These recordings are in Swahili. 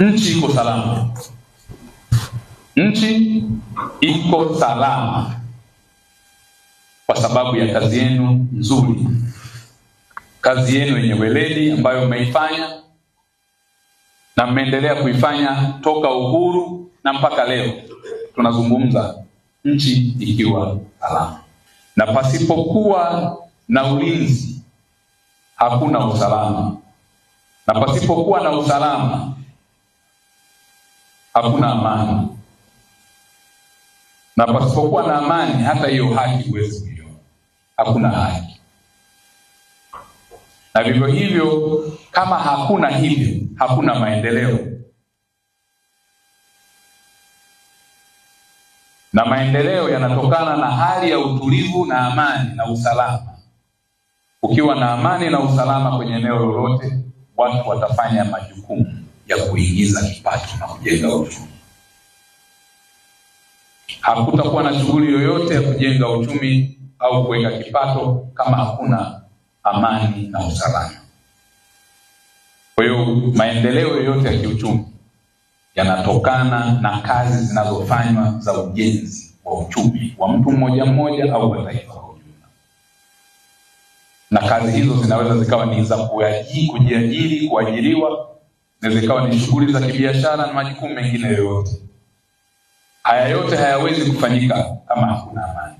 Nchi iko salama, nchi iko salama kwa sababu ya kazi yenu nzuri, kazi yenu yenye weledi ambayo mmeifanya na mmeendelea kuifanya toka uhuru na mpaka leo tunazungumza, nchi ikiwa salama. Na pasipokuwa na ulinzi hakuna usalama, na pasipokuwa na usalama hakuna amani, na pasipokuwa na amani, hata hiyo haki huwezi kuiona, hakuna haki. Na vivyo hivyo, kama hakuna hivyo, hakuna maendeleo, na maendeleo yanatokana na hali ya utulivu na amani na usalama. Ukiwa na amani na usalama kwenye eneo lolote, watu watafanya majukumu ya kuingiza kipato na kujenga uchumi. Hakutakuwa na shughuli yoyote ya kujenga uchumi au kuweka kipato kama hakuna amani na usalama. Kwa hiyo maendeleo yoyote ya kiuchumi yanatokana na kazi zinazofanywa za ujenzi wa uchumi wa mtu mmoja mmoja au wa taifa kwa ujumla, na kazi hizo zinaweza zikawa ni za kujiajiri, kuajiriwa na zikawa ni shughuli za kibiashara na majukumu mengine yoyote. Haya yote hayawezi kufanyika kama hakuna amani,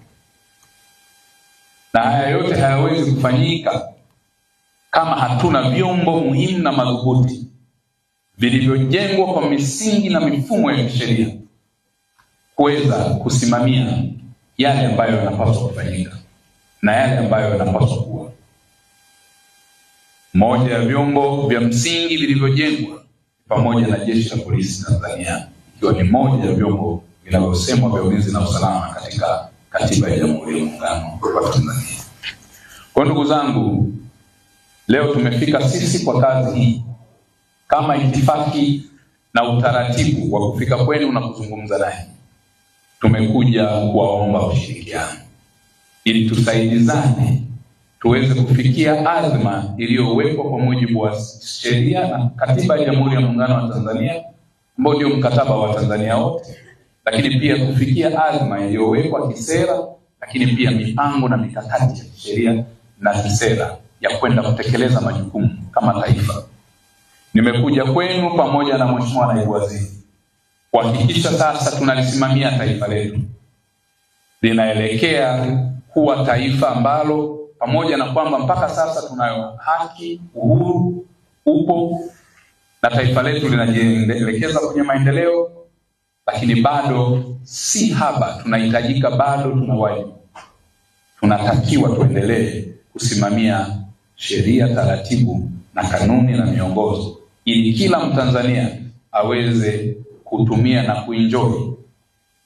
na haya yote hayawezi kufanyika kama hatuna vyombo muhimu na madhubuti vilivyojengwa kwa misingi na mifumo ya kisheria kuweza kusimamia yale ambayo yanapaswa kufanyika na yale ambayo yanapaswa kuwa moja ya vyombo vya msingi vilivyojengwa pamoja na jeshi la polisi Tanzania, ikiwa ni moja ya vyombo vinavyosemwa vya ulinzi na usalama katika katiba ya Jamhuri ya Muungano wa Tanzania. Kwa ndugu zangu, leo tumefika sisi kwa kazi hii kama itifaki na utaratibu wa kufika kwenu na kuzungumza naye, tumekuja kuwaomba ushirikiano ili tusaidizane tuweze kufikia azma iliyowekwa kwa mujibu wa sheria na katiba ya Jamhuri ya Muungano wa Tanzania ambao ndio mkataba wa Tanzania wote, lakini pia kufikia azma iliyowekwa kisera, lakini pia mipango na mikakati ya kisheria na kisera ya kwenda kutekeleza majukumu kama taifa. Nimekuja kwenu pamoja na Mheshimiwa Naibu Waziri kuhakikisha sasa tunalisimamia taifa letu linaelekea kuwa taifa ambalo pamoja na kwamba mpaka sasa tunayo haki, uhuru upo na taifa letu linajielekeza kwenye maendeleo, lakini bado si haba, tunahitajika, bado tuna wajibu, tunatakiwa tuendelee kusimamia sheria, taratibu na kanuni na miongozo, ili kila Mtanzania aweze kutumia na kuenjoy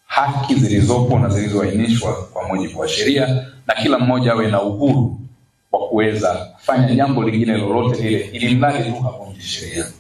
haki zilizopo na zilizoainishwa kwa mujibu wa sheria na kila mmoja awe na uhuru wa kuweza kufanya jambo lingine lolote lile, ili mradi tu havunji sheria.